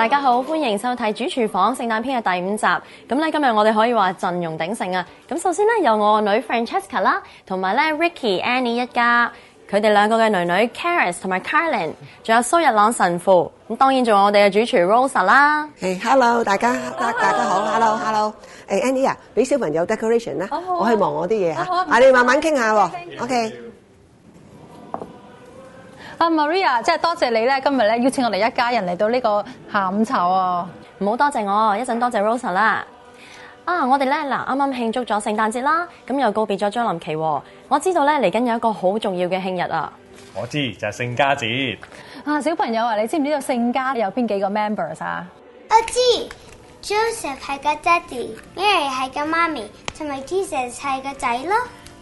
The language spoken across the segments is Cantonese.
大家好，歡迎收睇《主廚房聖誕篇》嘅第五集。咁咧今日我哋可以話陣容鼎盛啊！咁首先咧有我個女 Francesca 啦，同埋咧 Ricky、Annie 一家，佢哋兩個嘅女女 Caris 同埋 Carlin，仲有蘇日朗神父。咁當然仲有我哋嘅主廚 Rosa 啦。h、hey, hello, 大家、oh, 大家好，Hello，Hello。誒、oh, hello, oh, hey, Annie 啊，俾小朋友 decoration 啦，我去忙我啲嘢吓，啊，你慢慢傾、oh, 下喎，OK。啊 Maria，真係多謝你咧，今日咧邀請我哋一家人嚟到呢個下午茶哦、啊。唔好多謝我，一陣多謝 Rosa 啦。啊，我哋咧嗱，啱啱慶祝咗聖誕節啦，咁又告別咗張林琪。我知道咧嚟緊有一個好重要嘅慶日啊。我知就係、是、聖家節。啊，小朋友啊，你知唔知道聖家有邊幾個 members 啊？我知 Joseph 係個爹哋，Mary 係個媽咪，同埋 Jesus 係個仔咯。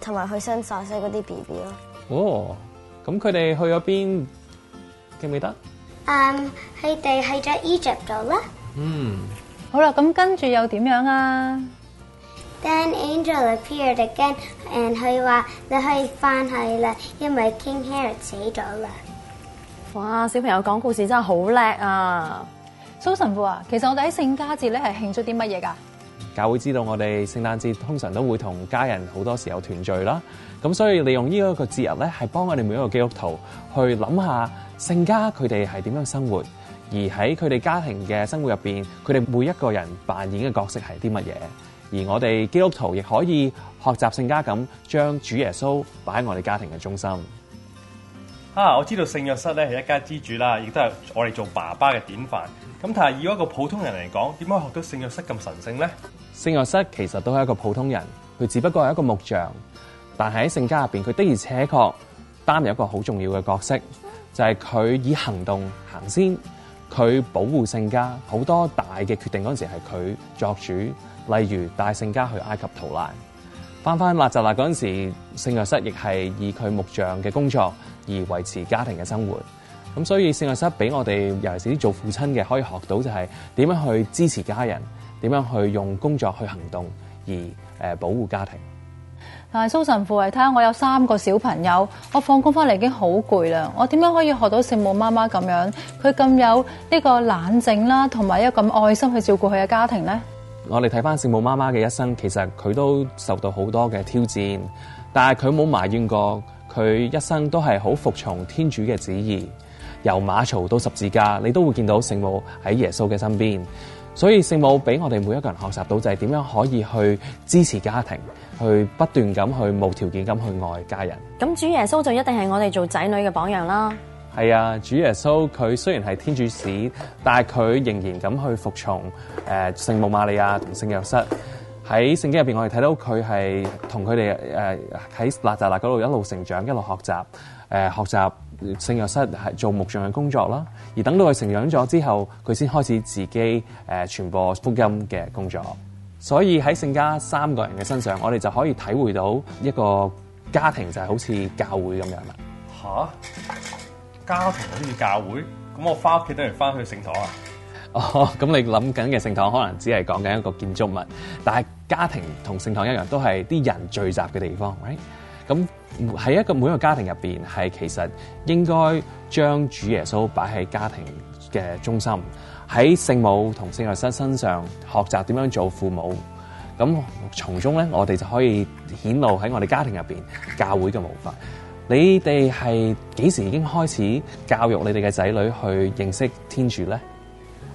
同埋去新晒晒嗰啲 B B 咯。哦，咁佢哋去咗邊記唔記得？嗯，佢哋去咗 Egypt 度啦。嗯，好啦，咁跟住又點樣啊？Then angel appeared again，and 佢話你可以翻去啦，因為 King Herod 死咗啦。哇，小朋友講故事真係好叻啊！蘇神父啊，其實我哋喺聖家節咧係慶祝啲乜嘢噶？教會知道我哋聖誕節通常都會同家人好多時候團聚啦，咁所以利用呢一個節日咧，係幫我哋每一個基督徒去諗下聖家佢哋係點樣生活，而喺佢哋家庭嘅生活入邊，佢哋每一個人扮演嘅角色係啲乜嘢，而我哋基督徒亦可以學習聖家咁，將主耶穌擺喺我哋家庭嘅中心。啊！我知道聖約瑟咧係一家之主啦，亦都係我哋做爸爸嘅典範。咁但係以一個普通人嚟講，點可以學到聖約瑟咁神聖咧？聖約瑟其實都係一個普通人，佢只不過係一個木匠。但係喺聖家入邊，佢的而且確擔有一個好重要嘅角色，就係、是、佢以行動行先，佢保護聖家，好多大嘅決定嗰陣時係佢作主，例如帶聖家去埃及逃難，返返納雜勒嗰陣時候，聖約瑟亦係以佢木匠嘅工作。而維持家庭嘅生活，咁所以聖愛室俾我哋，尤其是啲做父親嘅，可以學到就係、是、點樣去支持家人，點樣去用工作去行動而誒、呃、保護家庭。但係蘇神父，睇下我有三個小朋友，我放工返嚟已經好攰啦，我點樣可以學到聖母媽媽咁樣，佢咁有呢個冷靜啦，同埋一個咁愛心去照顧佢嘅家庭咧？我哋睇返聖母媽媽嘅一生，其實佢都受到好多嘅挑戰，但係佢冇埋怨過。佢一生都係好服從天主嘅旨意，由馬槽到十字架，你都會見到聖母喺耶穌嘅身邊。所以聖母俾我哋每一個人學習到就係點樣可以去支持家庭，去不斷咁去無條件咁去愛家人。咁主耶穌就一定係我哋做仔女嘅榜樣啦。係啊，主耶穌佢雖然係天主使，但係佢仍然咁去服從誒聖母瑪利亞同聖若瑟。喺聖經入邊，我哋睇到佢係同佢哋誒喺納匝肋嗰度一路成長，一路學習，誒、呃、學習聖若瑟係做木匠嘅工作啦。而等到佢成長咗之後，佢先開始自己誒傳、呃、播福音嘅工作。所以喺聖家三個人嘅身上，我哋就可以體會到一個家庭就係、是、好似教會咁樣啦。吓，家庭好似教會，咁我翻屋企都係翻去聖堂啊？哦，咁你諗緊嘅聖堂可能只係講緊一個建築物，但係。家庭同聖堂一樣，都係啲人聚集嘅地方，right？咁喺一個每一個家庭入邊，係其實應該將主耶穌擺喺家庭嘅中心，喺聖母同聖愛生身上學習點樣做父母。咁從中咧，我哋就可以顯露喺我哋家庭入邊教會嘅模範。你哋係幾時已經開始教育你哋嘅仔女去認識天主咧？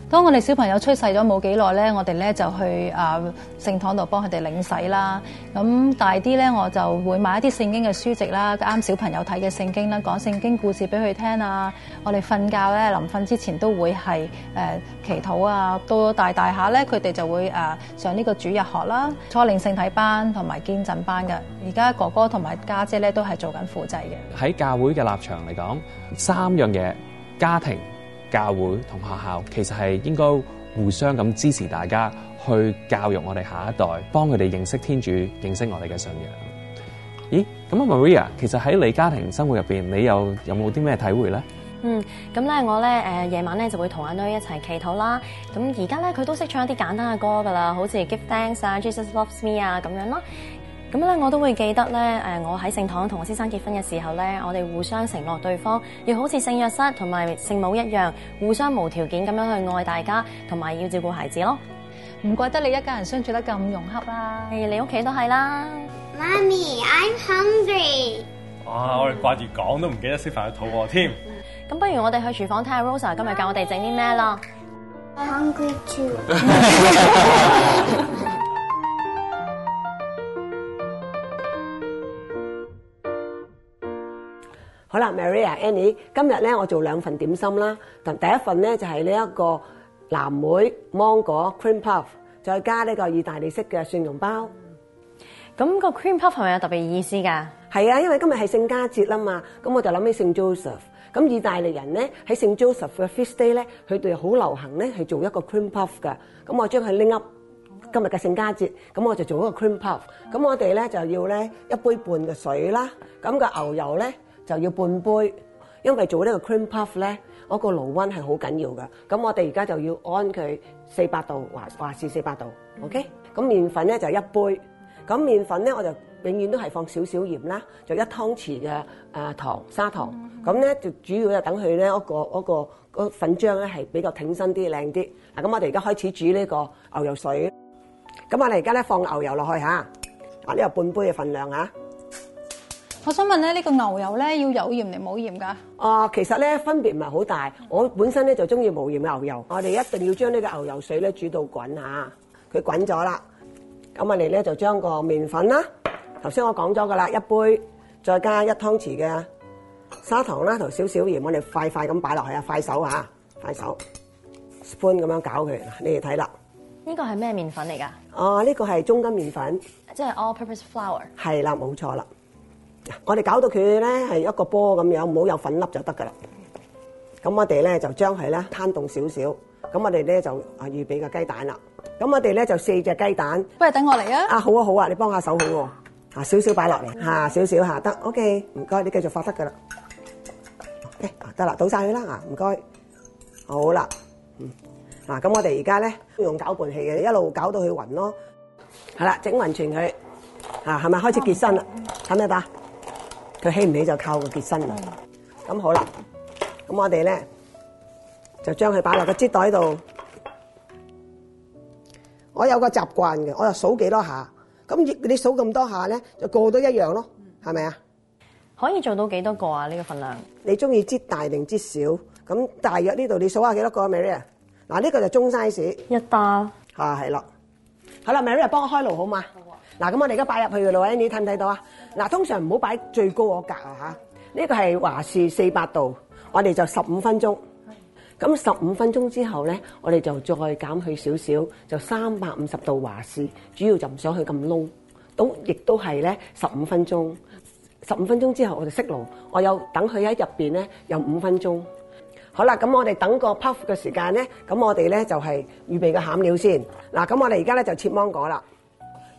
當我哋小朋友出世咗冇幾耐咧，我哋咧就去啊聖堂度幫佢哋領洗啦。咁大啲咧，我就會買一啲聖經嘅書籍啦，啱小朋友睇嘅聖經啦，講聖經故事俾佢聽啊。我哋瞓覺咧，臨瞓之前都會係、呃、祈禱啊。到大大下咧，佢哋就會、呃、上呢個主日學啦，初領聖體班同埋堅振班嘅。而家哥哥同埋家姐咧都係做緊輔祭嘅。喺教會嘅立場嚟講，三樣嘢家庭。教會同學校其實係應該互相咁支持大家去教育我哋下一代，幫佢哋認識天主，認識我哋嘅信仰。咦，咁啊 Maria，其實喺你家庭生活入邊，你又有冇啲咩體會咧？嗯，咁咧我咧呃、夜晚咧就會同阿女一齊祈禱啦。咁而家咧佢都識唱一啲簡單嘅歌噶啦，好似 Give Thanks 啊、Jesus Loves Me 啊咁樣咯。咁咧，我都會記得咧。誒，我喺聖堂同我先生結婚嘅時候咧，我哋互相承諾對方，要好似聖約瑟同埋聖母一樣，互相無條件咁樣去愛大家，同埋要照顧孩子咯。唔怪得你一家人相處得咁融洽啦。你屋企都係啦。媽咪，I'm hungry。啊，我哋掛住講都唔記得食飯，肚餓添。咁不如我哋去廚房睇下 Rosa 今日教我哋整啲咩咯。hungry too 好啦，Maria，Annie，今日咧我做兩份點心啦。第一份咧就係呢一個藍莓芒果 cream puff，再加呢個意大利式嘅蒜蓉包。咁個 cream puff 係咪有特別意思噶？係啊，因為今日係聖家節啦嘛，咁我就諗起聖 Joseph。咁意大利人咧喺聖 Joseph 嘅 Feast Day 咧，佢哋好流行咧係做一個 cream puff 噶。咁我將佢拎 up 今日嘅聖家節，咁我就做一個 cream puff。咁我哋咧就要咧一杯半嘅水啦。咁個牛油咧。就要半杯，因為做呢個 cream puff 咧，嗰個爐溫係好緊要㗎。咁我哋而家就要 on 佢四百度，話話是四百度，OK？咁麵粉咧就一杯，咁麵粉咧我就永遠都係放少少鹽啦，就一湯匙嘅誒糖砂糖。咁咧就主要就等佢咧，嗰個嗰個嗰個粉漿咧係比較挺身啲、靚啲。嗱，咁我哋而家開始煮呢個牛油水。咁我哋而家咧放牛油落去吓，啊呢個半杯嘅份量吓。我想問咧，呢個牛油咧要有鹽定冇鹽噶？啊，其實咧分別唔係好大。我本身咧就中意無鹽嘅牛油。我哋一定要將呢個牛油水咧煮到滾吓，佢滾咗啦。咁我哋咧就將個麵粉啦，頭先我講咗噶啦，一杯再加一湯匙嘅砂糖啦，同少少鹽，我哋快快咁擺落去啊！快手吓，快手，搬咁樣攪佢。你哋睇啦，呢個係咩麵粉嚟噶？哦，呢個係中筋麵粉，即係 all purpose flour。係啦，冇錯啦。我哋搞到佢咧，係一個波咁樣，唔好有粉粒就得噶啦。咁我哋咧就將佢咧攤凍少少。咁我哋咧就啊預備個雞蛋啦。咁我哋咧就四隻雞蛋。不如等我嚟啊！啊好啊好啊，你幫下手好喎。啊少少擺落嚟，啊少少吓得，ok 唔該，你繼續發得噶啦。ok 啊得啦，倒晒佢啦啊唔該，好啦，嗯嗱咁我哋而家咧都用攪拌器嘅一路攪到佢勻咯，係啦整勻全佢啊係咪開始結身啦？睇咩吧？佢起唔起就靠個結身啦。咁好啦，咁我哋咧就將佢擺落個篋袋度。我有個習慣嘅，我又數幾多下。咁你數咁多下咧，就個都一樣咯，係咪啊？可以做到幾多個啊？呢個份量。你中意篋大定篋小？咁大約呢度，你數下幾多個，Maria。嗱，呢個就中 size。一打。嚇係啦。好啦，Maria 幫我開爐好嘛？嗱，咁我哋而家擺入去嘅路，你睇唔睇到啊？嗱，通常唔好擺最高嗰格啊嚇。呢個係華氏四百度，我哋就十五分鐘。咁十五分鐘之後咧，我哋就再減去少少，就三百五十度華氏。主要就唔想佢咁燶，都亦都係咧十五分鐘。十五分鐘之後我哋熄爐，我有等佢喺入邊咧有五分鐘。好啦，咁我哋等個 puff 嘅時間咧，咁我哋咧就係預備個餡料先。嗱，咁我哋而家咧就切芒果啦。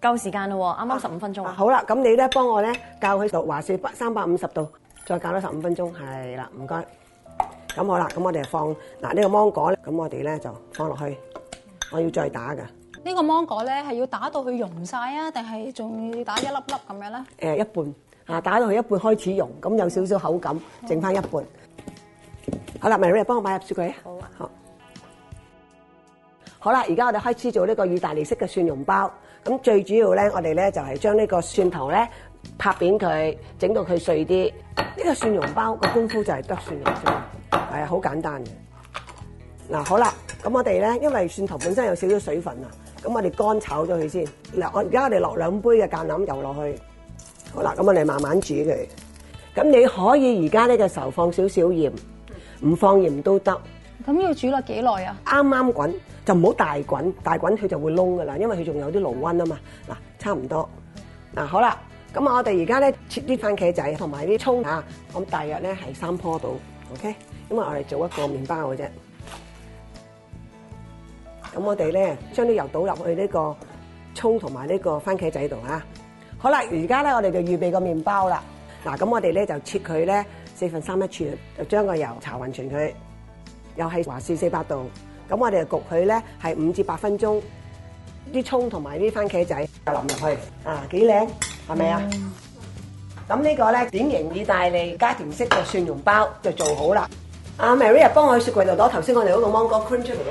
夠時間咯，啱啱十五分鐘啊！好啦，咁你咧幫我咧較佢讀華氏不三百五十度，再較多十五分鐘，係啦，唔該。咁好啦，咁我哋放嗱呢個芒果咧，咁我哋咧就放落去。我要再打噶。呢個芒果咧係要打到佢溶晒啊，定係仲要打一粒粒咁樣咧？誒，一半啊，打到佢一半開始溶，咁有少少口感，剩翻一半。好啦，明瑞幫我買入雪櫃。好啊，好。好啦，而家我哋開始做呢個意大利式嘅蒜蓉包。咁最主要咧，我哋咧就係將呢個蒜頭咧拍扁佢，整到佢碎啲。呢個蒜蓉包個功夫就係得蒜蓉啫嘛，係啊，好簡單嘅。嗱，好啦，咁我哋咧，因為蒜頭本身有少少水分啊，咁我哋乾炒咗佢先。嗱，我而家我哋落兩杯嘅橄欖油落去，好啦，咁我哋慢慢煮佢。咁你可以而家呢個時候放少少鹽，唔放鹽都得。咁要煮落幾耐啊？啱啱滾就唔好大滾，大滾佢就會燶噶啦，因為佢仲有啲爐溫啊嘛。嗱，差唔多嗱，好啦，咁我哋而家咧切啲番茄仔同埋啲蔥啊，咁大約咧係三棵度，OK。咁我哋做一個麵包嘅啫。咁我哋咧將啲油倒入去呢個蔥同埋呢個番茄仔度啊。好啦，而家咧我哋就預備個麵包啦。嗱，咁我哋咧就切佢咧四分三一吋，就將個油搽勻全佢。又係華氏四百度，咁我哋就焗佢咧，係五至八分鐘。啲葱同埋啲番茄仔就淋入去，啊幾靚係咪啊？咁呢個咧，典型意大利家庭式嘅蒜蓉包就做好啦。阿 Maria 幫我去雪櫃度攞頭先我哋嗰個芒果 cream 出嚟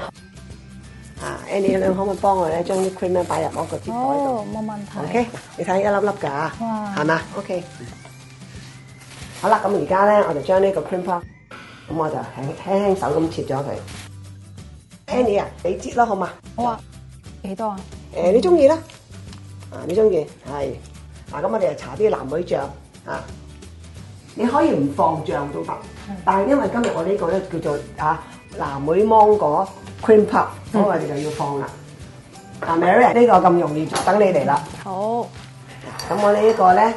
啊！Annie 你可唔可以幫我咧，將啲 cream 咧擺入芒果切塊度，冇問題。OK，你睇一粒粒噶啊，係嘛？OK，好啦，咁而家咧，我哋將呢個 cream 包。咁我就輕輕輕手咁切咗佢。Henny 啊，你切啦好嘛？好啊。幾多啊？誒，你中意啦。啊，你中意，係。嗱，咁我哋就搽啲藍莓醬啊。你可以唔放醬都得，但係因為今日我呢個咧叫做啊藍莓芒果 cream puff，咁我哋就要放啦。啊，Mary，呢個咁容易，就等你嚟啦。好。咁我呢一個咧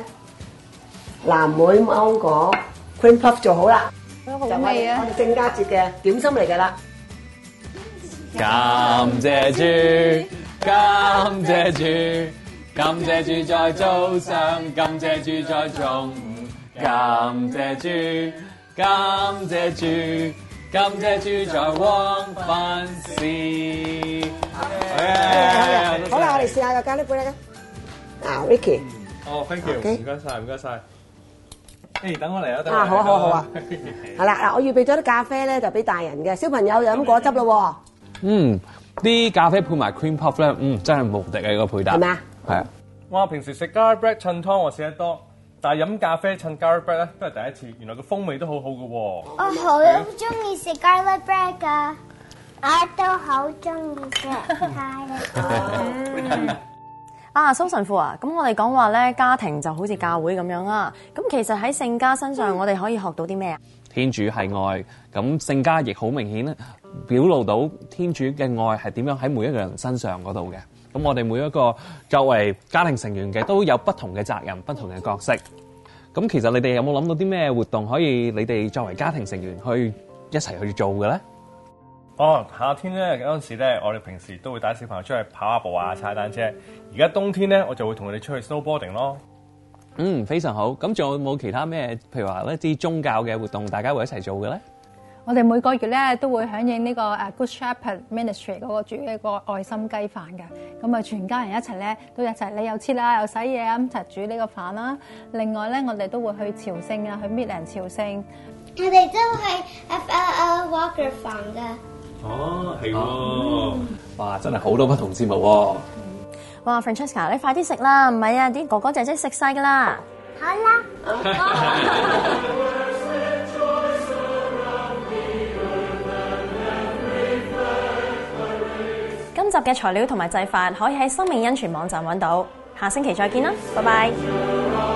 藍莓芒果 cream puff 就好啦。咁係啊！我哋正佳節嘅點心嚟嘅啦。感謝豬，感謝豬，感謝豬在早上，感謝豬在中午，感謝豬，感謝豬，感謝豬在晚飯時。好啦，我哋試下個咖喱杯啦。好，Vicky。哦，Thank you。O.K. 嗲，唔該曬，唔該曬。誒，等我嚟啊！啊，好啊，好啊，好啊，好啦，嗱，我預備咗啲咖啡咧，就俾大人嘅，小朋友就飲果汁咯。嗯，啲咖啡配埋 cream puff 咧，嗯，真係無敵嘅一個配搭。係咪啊？係啊！哇，平時食 garlic bread 襯湯我食得多，但係飲咖啡襯 garlic bread 咧都係第一次，原來個風味都好好嘅。我好中意食 garlic bread 噶，我都好中意食，太啦。啊，蘇神父啊，咁我哋講話咧，家庭就好似教會咁樣啦。咁其實喺聖家身上，我哋可以學到啲咩啊？天主係愛，咁聖家亦好明顯咧表露到天主嘅愛係點樣喺每一個人身上嗰度嘅。咁我哋每一個作為家庭成員嘅，都有不同嘅責任、不同嘅角色。咁其實你哋有冇諗到啲咩活動可以你哋作為家庭成員去一齊去做嘅咧？哦，夏天咧嗰陣時咧，我哋平時都會帶小朋友出去跑下步啊，踩單車。而家冬天咧，我就會同佢哋出去 snowboarding 咯。嗯，非常好。咁仲有冇其他咩？譬如話一啲宗教嘅活動，大家會一齊做嘅咧？我哋每個月咧都會響應呢個誒、啊、Good Shepherd Ministry 嗰個煮一個愛心雞飯嘅。咁啊，全家人一齊咧都一齊，你又切啦，又洗嘢，咁就一起煮呢個飯啦。另外咧，我哋都會去朝聖啊，去 Midland 朝聖。我哋都係 F L L Walker 房嘅。哦，係喎、嗯！哇，真係好多不同節目喎！哇，Francesca，你快啲食啦！唔係啊，啲哥哥姐姐食晒噶啦！好啦。 今集嘅材料同埋製法可以喺生命恩泉網站揾到，下星期再見啦，拜 拜。